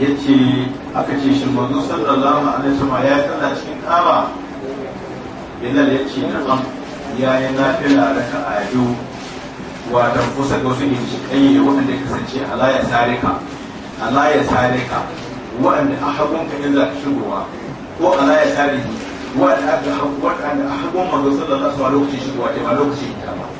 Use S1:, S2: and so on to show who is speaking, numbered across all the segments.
S1: ya ce aka ce shi manzo sallallahu alaihi wasallam ya tsalla cikin kaba bilal ya ce na'am ya yi nafila raka a biyu wato kusa ga wasu inci kai waɗanda ya kasance ala ya sarika ala ya sarika waɗanda a hagun ka in za shigowa ko ala ya sariki waɗanda a hagun manzo sallallahu alaihi wasallam lokacin shigowa ke ba lokacin ta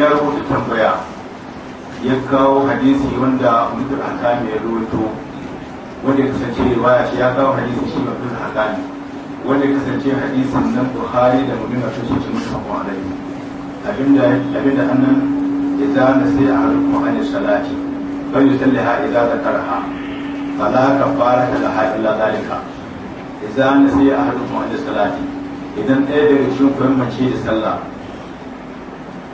S1: ya rubuta tambaya ya kawo hadisi wanda mutum hakami ya rubuto wanda ya kasance ya shi ya kawo hadisi shi mutum hakami wanda ya kasance hadisin nan buhari da mutum a cikin shi mutum kwanai abinda abinda annan sai a alaikum an salati fa yusalliha idan zakarha fala kafara laha illa zalika idan a alaikum an salati idan ɗaya daga cikin ku mace da sallah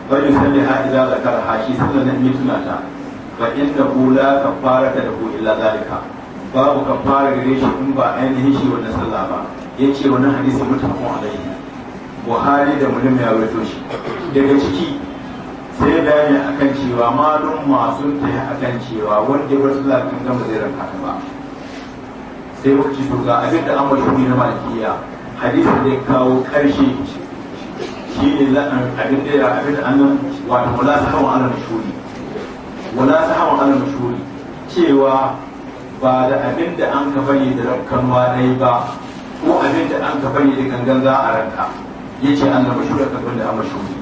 S1: bari salli ha idza zakara ha shi nan tuna ta fa inda hu ka fara ta lahu illa zalika babu fara gare shi in ba ainihin shi wannan sallah ba yace wannan hadisi mutafaqun alaihi Buhari da Muslim ya rawaito shi daga ciki sai bayani akan cewa ma sun ta akan cewa wanda ya sallah kan gama zai ranka ba sai wuce to abin da na malikiya hadisi da kawo karshe shi ne abin da ya abin da annan wato wala sahawan alal mashuri wala sahawan alal mashuri cewa ba da abin da an ka bari da rakkanwa dai ba ko abin da an ka bari da gangan za a ranka yace annan mashuri ka da an mashuri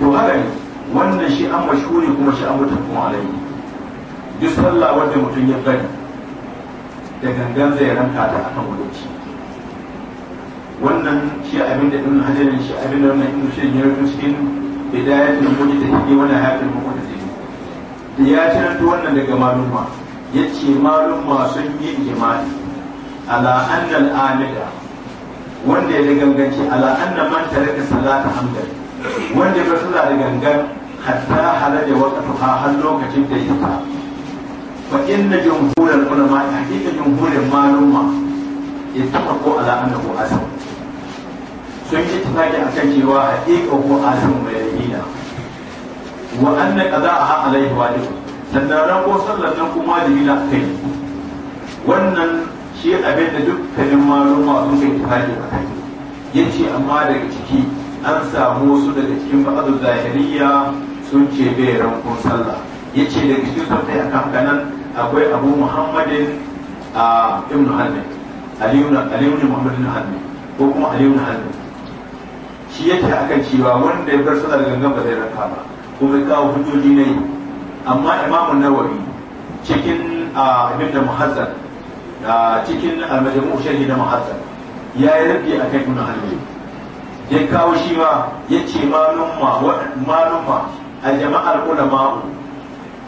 S1: to haka ne wannan shi an mashuri kuma shi an mutakun alaihi duk sallah wanda mutum ya bari da gangan zai ranka ta akan wuce wannan shi abin da ibn hajar shi abin da wannan ibn shirin ya rubuta cikin da mujtahid wani nihayatul mutu da ya taranto wannan daga malumma ya ce malumma sun yi jima'i. ala anna amida wanda ya ganganci ala anna man taraka salata hamdan wanda ya sallah da gangan hatta wata fuka har lokacin da ya ta fa inna jumhurul ulama hakika jumhurul maluma ittafaqu ala annahu asr sun yi tufaki a kan cewa haƙiƙa ko asin mai yaƙina wa annan ƙaza a haƙalai wajibi sannan ranko sallar nan kuma da na kai wannan shi abin da dukkanin masu sun kai tufaki a kai ya ce amma daga ciki an samu wasu daga cikin ba'adu zahiriya sun ce bai rankon sallah ya ce daga cikin sun kai a kankanan akwai abu muhammadin a ibn halmi aliyu ne muhammadin halmi ko kuma aliyu na halmi shi yake akan cewa wanda ya bar suna gangan ba zai raka ba kuma ya kawo hujjoji na yi amma imamun nawawi cikin abin da muhazzar cikin almajamu sharhi na muhazzar ya yi rabbi a kan kuna halmi ya kawo shi ma ya ce malumma aljama'ar ulama'u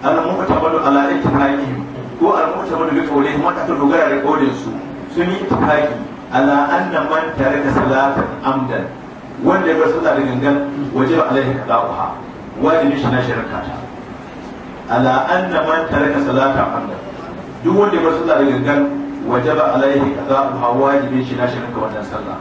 S1: al-mu'tamadu ta haƙi ko al-mu'tamadu bi qawlihim wanda aka dogara da qawlin su sun yi haƙi Ala'an da man da salatan amdan wanda ya bar sallah da gangan waje ba alaihi qada'uha wajibi shi na shirka ta ala anna man taraka salata fanda. duk wanda ya bar sallah da gangan waje ba alaihi qada'uha wajibi shi na shirka wannan sallah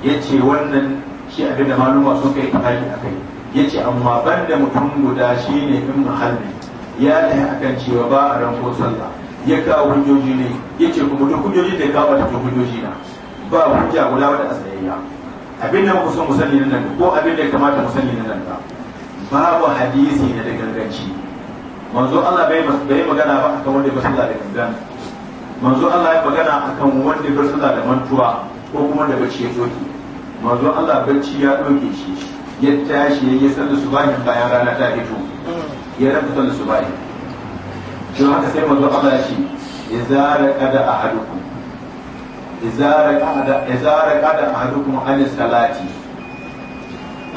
S1: yace wannan shi da maluma sun kai tafi akai yace amma banda mutum guda shine in muhalli ya tafi akan cewa ba a ranko sallah ya kawo hujjoji ne yace kuma duk hujjoji da ya kawo da hujjoji na ba hujja guda wadda asayayya abin da muka so mu sani nan ko abin da ya kamata mu sani nan ba babu hadisi na da ganganci manzo Allah bai bai magana ba akan wanda ba sallah da gangan manzo Allah ya magana akan wanda ba sallah da mantuwa ko kuma da bacci ya doki manzo Allah bacci ya doke shi ya tashi ya yi sallar subahi bayan rana ta fito ya rabu sallar subahi don haka sai manzo Allah ya ce zara kada ahadukum izara kada ahadukum an salati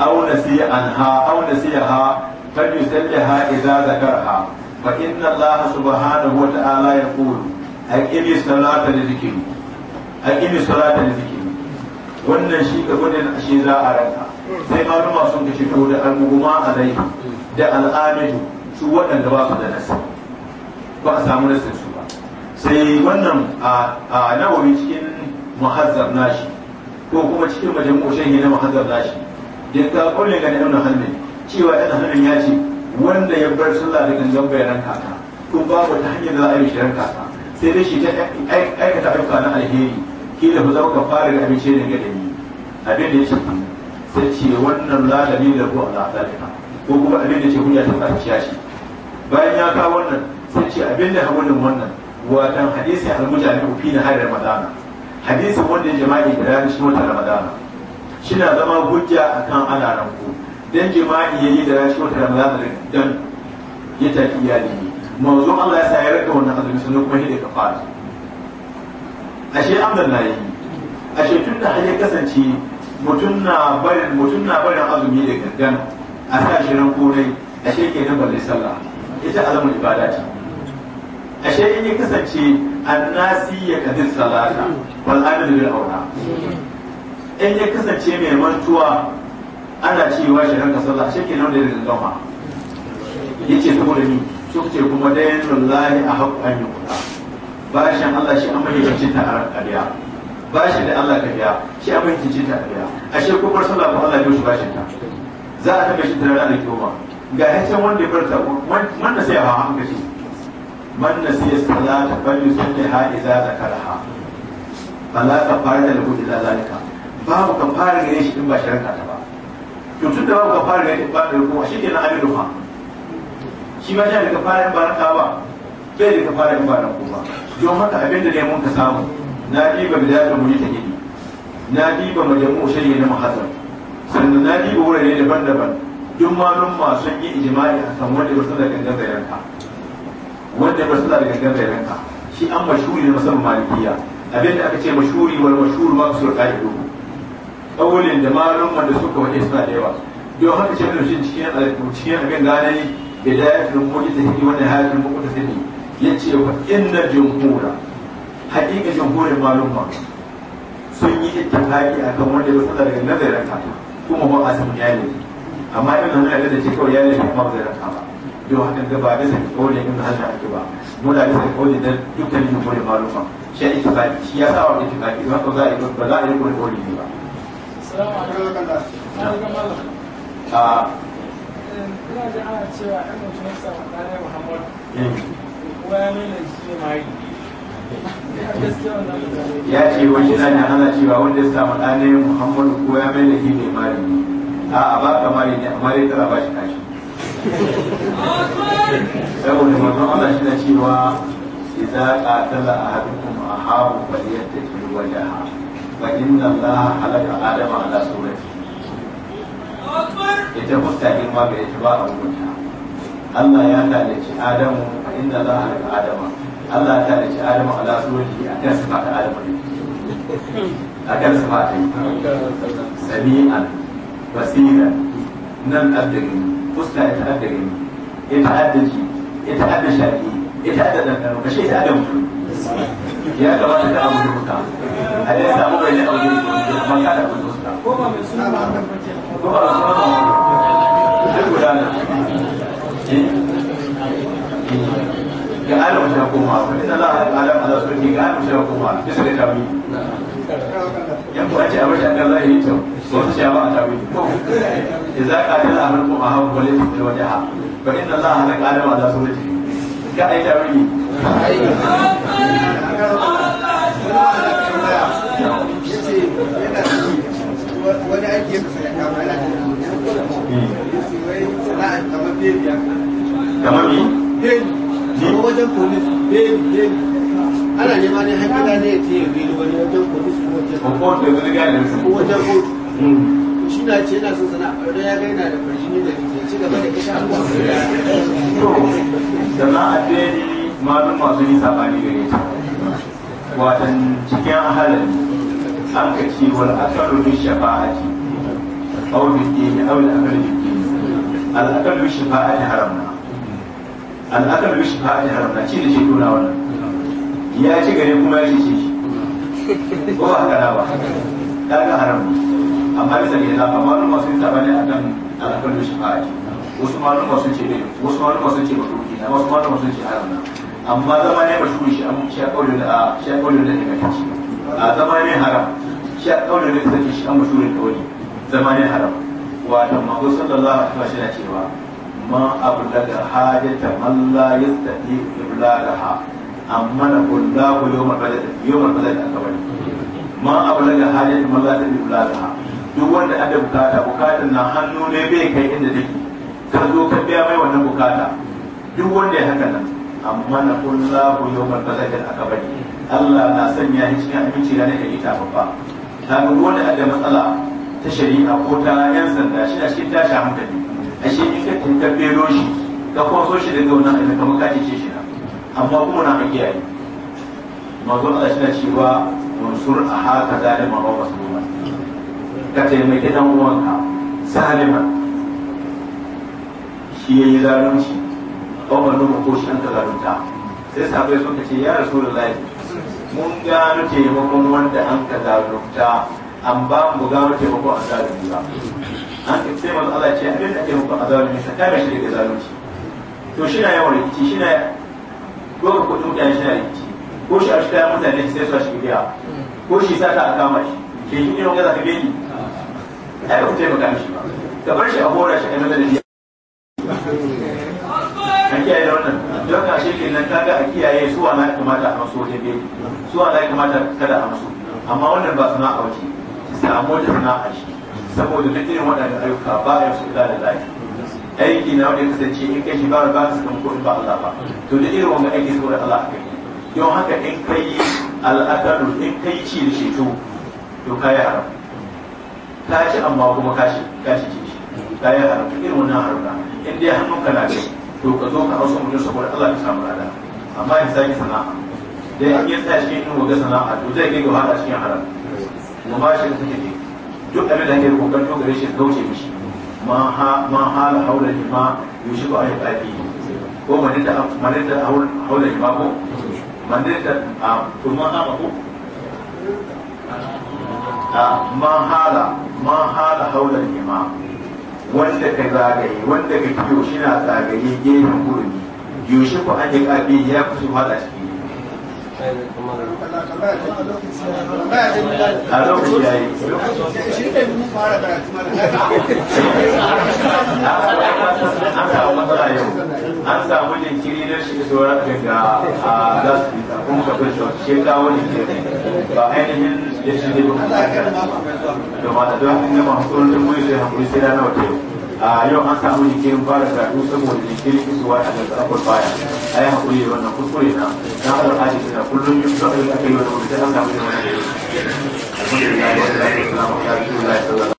S1: aw nasiya anha aw nasiyaha falyusalliha idza zakarha fa inna allaha subhanahu wa ta'ala yaqulu aqimi salata li dhikri aqimi salata li dhikri wannan shi ka gudun shi za a ranka sai maluma sun kashe to da al a alaihi da al'amidu su waɗanda ba su da nasi ba a samu nasin su sai wannan a nawawi cikin muhazzar nashi ko kuma cikin majmu'u yi na muhazzar nashi da ka kullun ga na hannu. cewa ibn hannun ya ce wanda ya bar sallah da gangan bayanan kaka ko ba ta hanyar za a yi shirin kaka sai dai shi ta aikata ayyuka na alheri da ku zama ka fara da abinci da ga abin da ya ce sai ce wannan lalami da ko ala zalika ko kuma abin da ce hujja ta ƙarfi shi bayan ya kawo wannan sai ce abin da hawa wannan watan hadisi al-mujami'u fi nahar ramadana hadisi wanda jama'i da ranar shi wata ramadana shi na zama hujja akan ana ranku dan jama'i yayi da ranar shi wata ramadana dan ya tafi iyali manzon Allah ya sa ya raka wannan azumi sun kuma ka fara ashe amdan na yi ashe tun da har ya kasance mutum na barin mutum na barin azumi da gangan a sa shi ran kore ashe kenan balle sallah ita azumul ibadati. ashe in yi kasance annasi ya kadin salata wal amil bil aura in ya kasance mai mantuwa ana cewa shi ranka sallah ashe kenan da zama gama ce saboda ni su ce kuma yin lullahi a haƙƙo an yi kuɗa bashin Allah shi an mahimmanci ta a ƙarya bashin da Allah ka biya shi an mahimmanci ta a ƙarya ashe kuma sallah ko Allah ya shi bashin ta za a taɓa shi da ranar kyoma ga hacen wanda ya farta wanda sai a hawa hankali man nasiya salata bal yusalliha idza zakaraha fala kafara da lahu illa zalika babu kafara gare shi in ba shirka ta ba to tun da babu kafara gare ba da ruku shi kenan abin rufa shi ma shi da kafara in ba raka ba ke da kafara in ba don haka ne mun ka samu na diba bidatul mujtahid na diba na sannan na diba wurare daban-daban duk malum ma sun yi ijma'i akan wanda wasu da gangan zayanka wanda ba suna daga gangan da yanka shi an mashuri na musamman malikiya abin da aka ce mashuri wal mashuru ma usul qaidu qawlin da malumman da suka wace suna da yawa don haka ce mun shi cikin cikin abin ganani bidayatul mujtahidi wa nihayatul muqtasidi yace wa inna jumhura haqiqa jumhurin malumma sun yi ittifaqi akan wanda ba suna daga gangan da yanka kuma ba a samu yayi amma idan mun da ce kawai yayi ba zai raka ba yau hakan da ba da sai kauli ibn hajar ake ba mu da zai kauli da dukkan yin kauli malufa shi ne kifaki shi ya sa wa kifaki ba za a yi ba za a yi kauli kauli ne ba assalamu alaikum a ya ce wa shi mai hana ce wani cewa wanda ya samu ɗanayin muhammadu ko ya mai da ne mari a a ba ka mari ne amma ya tara ba shi kashi saboda manzon Allah shi na cewa idza qatala ahadukum ahabu falyattaqi wajaha fa inna Allah halaka adama ala surati ita fuska in ma bai ta ba a wuta Allah ya talici Adamu fa inna Allah halaka adama Allah ya talici Adamu ala surati a kan sifa ta Adamu a kan sifa ta sami'an basira. nan abdin fuska ya ta'adda gani ya ji ya ta'adda shaƙi ya ta'adda ɗanɗano kashe ya ta'adda mutum ya gaba da abu da a yi samu bai da abu da kuma ka da abu da fuska ko ba mai suna ba ko ba mai suna ba ga alam shi alam da su ga alam shi ce abin yi shi ba ka ha alam da su ai wani ya kama ne wajen polis beli eh, beli eh. ana nema ne haƙiƙa ne ya ce ya beli wani wajen polis ko wajen wajen kotu hmm. shi na ce yana son sana a ya ga yana da farjini da ke ci gaba da kashe abuwa da na a beli malum masu yi sabani gare ta watan cikin halin an ka ce wal akalu bi shafa'ati aw bi dini aw al akalu bi dini al akalu bi shafa'ati haram al'akar bishi ba a jihar na ci da ce tona wannan ya ci gare kuma ya ce shi ko haka na ba ta ga haram amma bisa ne yana amma wani masu yinta bane a kan al'akar bishi ba a ce wasu malum masu ce ne wasu malum masu ce ba batu na wasu malum masu ce haram na amma zama ne ba shi an shi a kaulin da shi a kaulin da daga kanci a zama ne haram shi a kaulin da zaki shi an bashu ne kauli zama ne haram wa da mako sallallahu alaihi wasallam cewa man ablaga hajata man la yastati iblalaha, amma na kullahu yawmal ma yawmal da akbar man ablaga hajata man la yastati iblalaha, duk wanda ada bukata bukatan na hannu ne bai kai inda take ka zo ka biya mai wannan bukata duk wanda ya haka nan amma na ma yawmal da akbar Allah na sanya shi cikin abinci da nake ita babba ta ga wanda ada matsala ta shari'a ko ta yan sanda shi a cikin tashi hankali a shi in ka tabbelo shi ka so shi daga wannan aiki kamar ka ce shi na amma kuma na makiyaye mazo Allah shi na cewa mansur a haka zalima ba wasu ba ka taimaki dan uwanka zalima shi ya yi zalunci ba wannan ko shi an ka zalunta sai sabai ka ce ya rasu da mun gano taimakon wanda an ka zalunta an ba mu gano taimakon an zalunta an sai manzo Allah ce abin da ake muku azalimi saka mai shi da zalunci to shi na yawan rikici shi na doka kudin mutane shi na rikici ko shi a shi kayan mutane sai su a shi biya ko shi sa ta a kama shi ke shi irin gaza ka beki ai ba ku taimaka mishi ba ka bar shi a hora shi a nan da biya a kiyaye da wannan don ka shi kenan kaga a kiyaye suwa na kamata a masu wajen beki suwa na kamata kada a masu amma wannan ba sana'a wace samu wata sana'a shi saboda duk irin waɗanda ayyuka ba ya su da lafi aiki na wani kasance in kai shi ba ba su kan kuɗi ba Allah ba to duk irin wanda aiki saboda Allah aka yi don haka in kai al'adalu in kai ci da shi to to yi haram ka ci amma kuma ka shi ka shi ci yi haram irin wannan haramta in dai hannunka na kai to ka zo ka hausa mutum saboda Allah ka samu lada amma in yi sana'a Da in ya tsaya cikin yin waga sana'a to zai kai gaba cikin haram mu ba shi da duk abin da ake kokarin to gare shi gauce mishi ma ha ma hala haula ma yushiku ay qafi ko man da man da haula ma ko man da a kuma ba ko a ma hala ma hala haula ma wanda ka zagaye wanda ka kiyo shi na zagaye gefen gurbi ko an yi qafi ya kusa hada shi a an samu matsala yau an samu jinkiri na shi tsoron daga a lasbita kuma ka kwanci shi wani jinkiri ba ainihin ya shi ne ba da mata don hannun masu tsoron jin mulki da hankuli sai na wata yau a yau an samu jikin fara karatu saboda jikin isuwa a da tsakon baya a yi haƙuri da wannan kuskure na na alƙali suna kullum yin zaɓe da aka yi wani mutum an samu jikin wani alhamdulillah wa salatu wa salam ala rasulillah